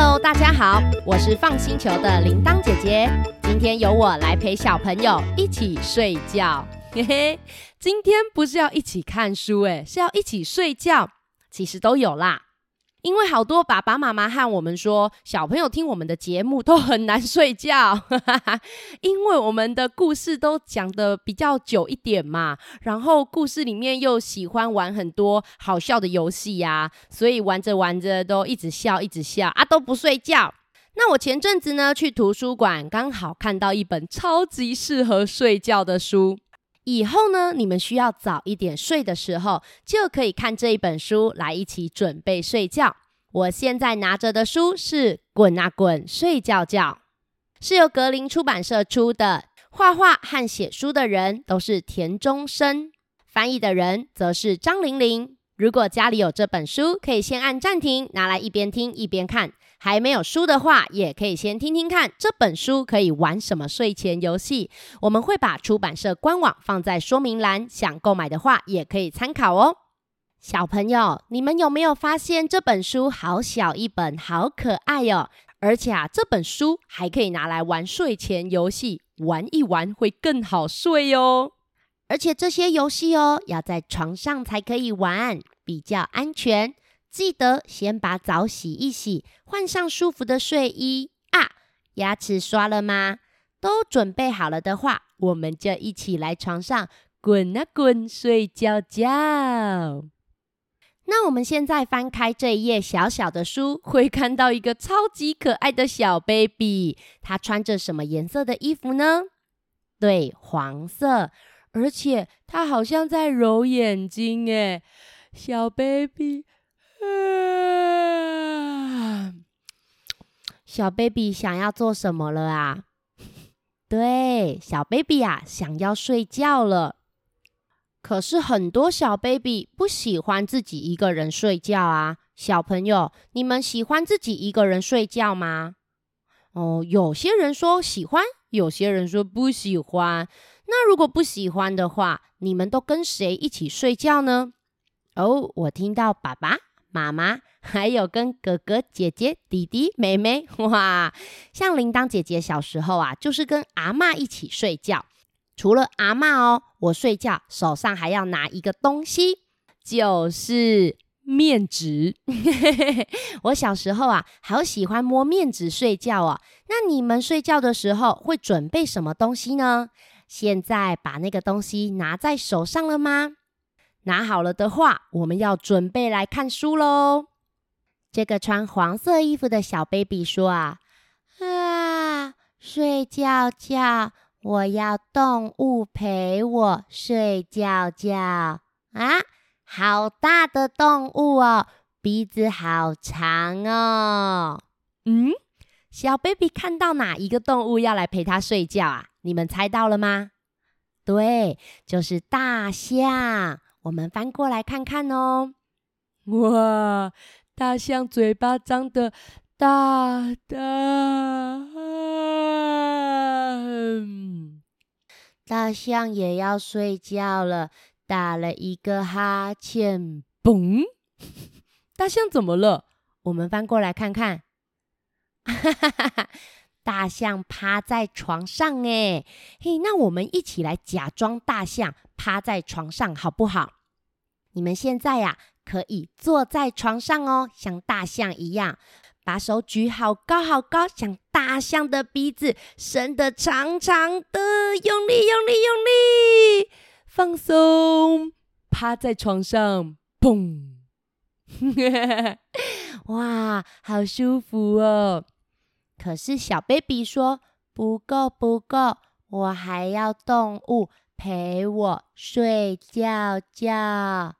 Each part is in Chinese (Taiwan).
Hello，大家好，我是 FUN 星球的鈴鐺姐姐。今天由我來陪小朋友一起睡覺。嘿嘿，今天不是要一起看書哎，是要一起睡覺。其實都有啦。因為好多爸爸媽媽和我們說，小朋友聽我們的節目都很難睡覺， 因為我們的故事都講得比較久一點嘛，然後故事裡面又喜歡玩很多好笑的遊戲呀、啊，所以玩着玩着都一直笑，一直笑啊，都不睡覺。那我前陣子呢，去圖書館剛好看到一本超級適合睡覺的書。以後呢，你們需要早一點睡的時候，就可以看這一本書來一起準備睡覺。我現在拿着的書是《滾啊滾，睡覺覺》，是由格林出版社出的，畫畫和寫書的人都是田中伸，翻譯的人則是張玲玲。如果家裡有這本書，可以先按暫停，拿來一邊聽一邊看。還沒有書的話，也可以先聽聽看這本書可以玩什麼睡前遊戲。我們會把出版社官網放在說明欄，想購買的話也可以參考哦。小朋友，你們有沒有發現這本書好小一本，好可愛哦？而且啊，這本書還可以拿來玩睡前遊戲，玩一玩會更好睡哦。而且這些遊戲哦，要在床上才可以玩，比較安全。記得先把澡洗一洗，換上舒服的睡衣啊。牙齒刷了嗎？都準備好了的話，我們就一起來床上滾啊滾，睡覺覺。那我們現在翻開這一頁小小的書，會看到一個超級可愛的小 baby。他穿着什麼顏色的衣服呢？對，黃色。而且他好像在揉眼睛，耶，小 baby，啊，小 baby 想要做什麼了啊？對，小 baby 啊，想要睡覺了。可是很多小 baby 不喜歡自己一個人睡覺啊。小朋友，你們喜歡自己一個人睡覺嗎？哦，有些人說喜歡，有些人說不喜歡。那如果不喜歡的話，你們都跟誰一起睡覺呢？哦，我聽到爸爸媽媽，還有跟哥哥、姐姐、弟弟、妹妹。哇，像鈴鐺姐姐小時候啊，就是跟阿嬤一起睡覺。除了阿嬤哦，我睡覺手上還要拿一個東西，就是面紙。 我小時候啊，好喜歡摸面紙睡覺哦。那你們睡覺的時候會準備什麼東西呢？現在把那個東西拿在手上了嗎？拿好了的話，我們要準備來看書嘍。這個穿黃色衣服的小 baby 說啊啊，睡覺覺，我要動物陪我睡覺覺啊！好大的動物哦，鼻子好長哦。嗯，小 baby 看到哪一個動物要來陪它睡覺啊？你們猜到了嗎？對，就是大象。我們翻過來看看哦、喔。哇，大象嘴巴張得大大。大象也要睡覺了，打了一個哈欠，嘣！大象怎麼了？我們翻過來看看。哈。 大象趴在床上，哎嘿，那我們一起來假裝大象趴在床上好不好？你們現在呀、啊、可以坐在床上哦，像大象一樣，把手舉好高好高，像大象的鼻子伸得長長的，用力用力用力，放鬆，趴在床上，砰！ 哇，好舒服哦。可是小 baby 說，不夠不夠，我還要動物陪我睡覺覺啊！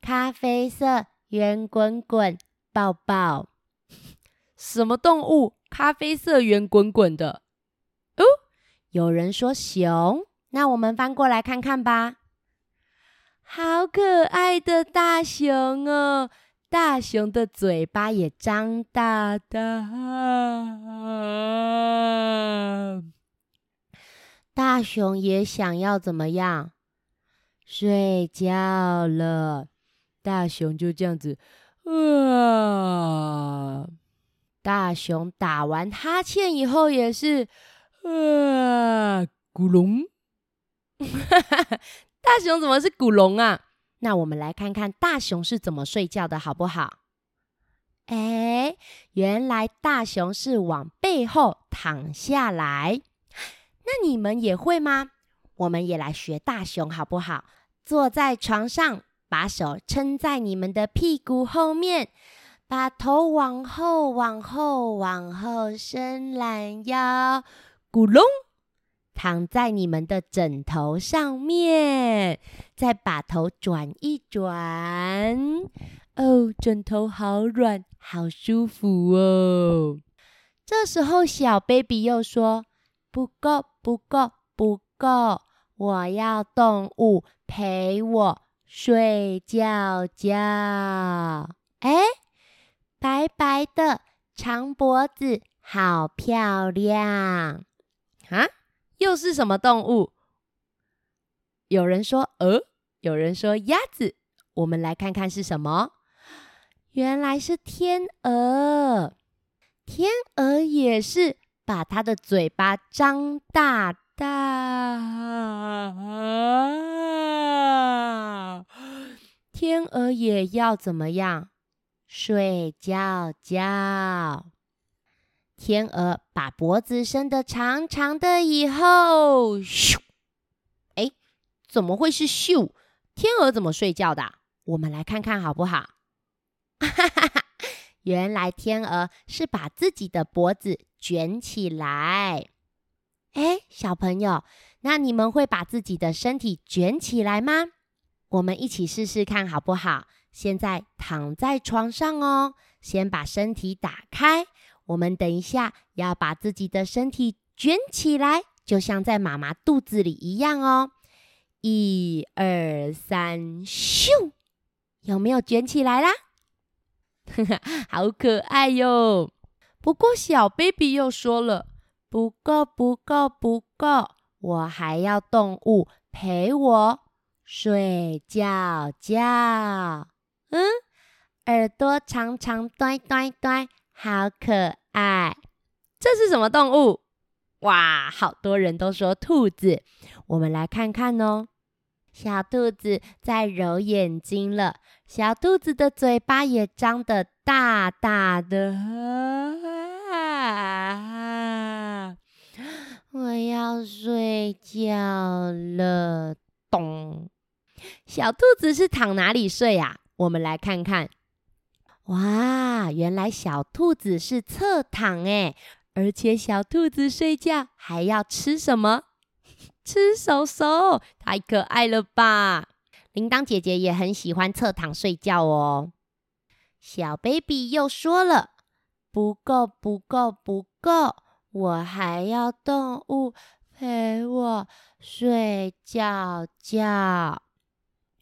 咖啡色圓滾滾，抱抱。什麼動物？咖啡色圓滾滾的哦？有人說熊，那我們翻過來看看吧。好可愛的大熊哦！大熊的嘴巴也張大大，大，大熊也想要怎麼樣？睡覺了。大熊就這樣子，啊！大熊打完哈欠以後也是，啊！古龍。哈哈，大熊怎麼是古龍啊？那我們來看看大熊是怎麼睡覺的，好不好？哎，原來大熊是往背後躺下來。那你們也會嗎？我們也來學大熊，好不好？坐在床上，把手撐在你們的屁股後面，把頭往後、往後、往後伸懶腰，咕隆。躺在你們的枕頭上面，再把頭轉一轉哦，枕頭好軟，好舒服哦。這時候小 baby 又說：“不夠，不夠，不夠，我要動物陪我睡覺覺。”哎，白白的長脖子，好漂亮啊！又是什麼動物？有人說鵝，有人說鴨子，我們來看看是什麼？原來是天鵝。天鵝也是把它的嘴巴張大大。天鵝也要怎麼樣？睡覺覺。天鵝把脖子伸得長長的以後，咻！哎，怎麼會是咻？天鵝怎麼睡覺的？我們來看看好不好？哈哈哈！原來天鵝是把自己的脖子捲起來。哎，小朋友，那你們會把自己的身體捲起來嗎？我們一起試試看好不好？現在躺在床上哦，先把身體打開。我們等一下要把自己的身體捲起來，就像在媽媽肚子裡一樣哦。一、二、三，咻！有沒有捲起來啦？哈哈，好可愛喲、哦。不過小 baby 又說了：“不夠，不夠，不夠，我還要動物陪我睡覺覺。”嗯，耳朵長長呆呆呆，短短短。好可愛，這是什麼動物？哇，好多人都說兔子。我們來看看哦，小兔子在揉眼睛了，小兔子的嘴巴也張得大大的。 我要睡覺了，咚！小兔子是躺哪裡睡呀？我們來看看。哇，原來小兔子是側躺誒，而且小兔子睡覺還要吃什麼？ 吃手手，太可愛了吧！鈴鐺姐姐也很喜歡側躺睡覺哦。小 baby 又說了，不，不夠，不夠，不夠，我還要動物陪我睡覺覺。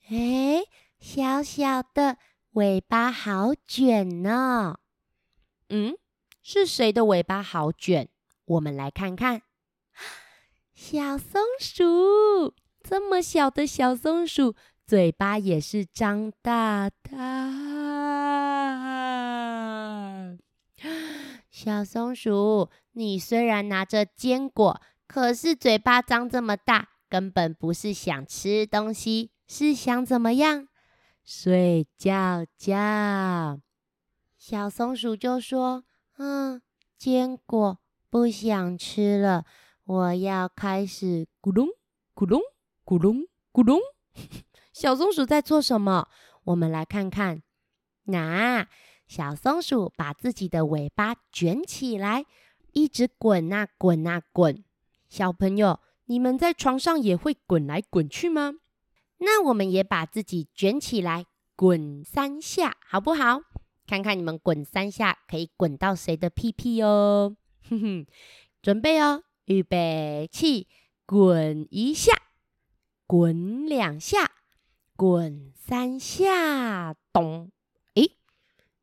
誒，小小的。尾巴好卷呢、哦，嗯，是誰的尾巴好卷？我們來看看，小松鼠這麼小的小松鼠，嘴巴也是張大大。小松鼠，你雖然拿着堅果，可是嘴巴張這麼大，根本不是想吃東西，是想怎麼樣？睡覺覺，小松鼠就說：“嗯，堅果不想吃了，我要開始咕咚咕咚咕咚咕咚。咕咚” 小松鼠在做什麼？我們來看看，那、啊、小松鼠把自己的尾巴捲起來，一直滾啊滾啊滾。小朋友，你們在床上也會滾來滾去嗎？那我們也把自己捲起來，滾三下，好不好？看看你們滾三下可以滾到誰的屁屁哦。呵呵，準備哦，預備起，滾一下，滾兩下，滾三下，咚！咦，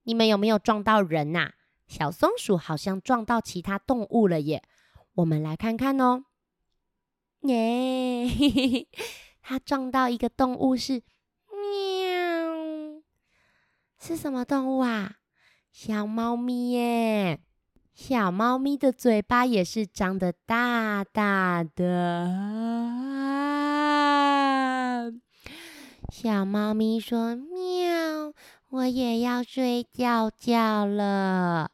你們有沒有撞到人吶、啊？小松鼠好像撞到其他動物了耶，我們來看看哦。耶、yeah。 它撞到一個動物，是喵，是什麼動物啊？小貓咪耶！小貓咪的嘴巴也是張得大大的。小貓咪說：“喵，我也要睡覺覺了。”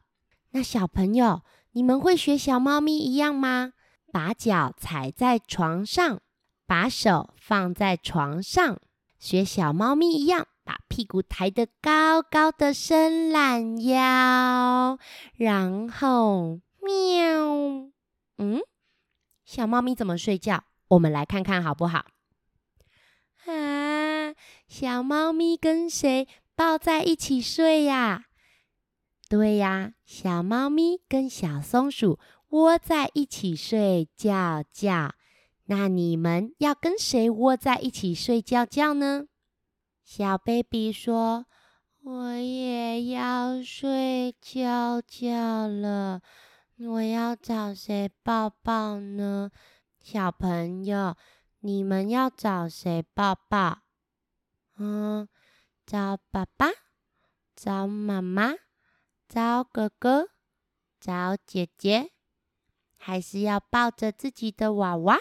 那小朋友，你們會學小貓咪一樣嗎？把腳踩在床上。把手放在床上，學小貓咪一樣，把屁股抬得高高的，伸懶腰，然後喵。嗯，小貓咪怎麼睡覺？我們來看看好不好？啊，小貓咪跟誰抱在一起睡呀？對呀，小貓咪跟小松鼠窩在一起睡覺覺。那你們要跟誰窩在一起睡覺覺呢？小 baby 說：“我也要睡覺覺了，我要找誰抱抱呢？”小朋友，你們要找誰抱抱？嗯，找爸爸？找媽媽？找哥哥？找姐姐？還是要抱着自己的娃娃？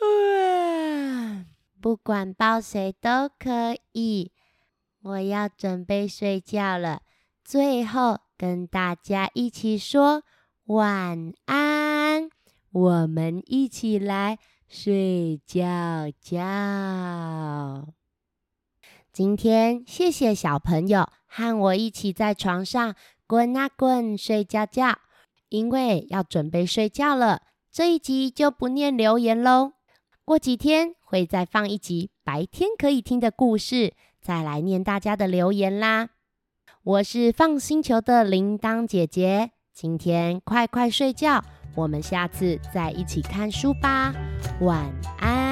啊！不管抱誰都可以，我要準備睡覺了。最後跟大家一起說晚安，我們一起來睡覺覺。今天謝謝小朋友和我一起在床上滾啊滾睡覺覺，因為要準備睡覺了，這一集就不念留言嘍。過幾天會再放一集白天可以聽的故事，再來念大家的留言啦。我是 FUN 星球的鈴鐺姐姐，今天快快睡覺，我們下次再一起看書吧。晚安。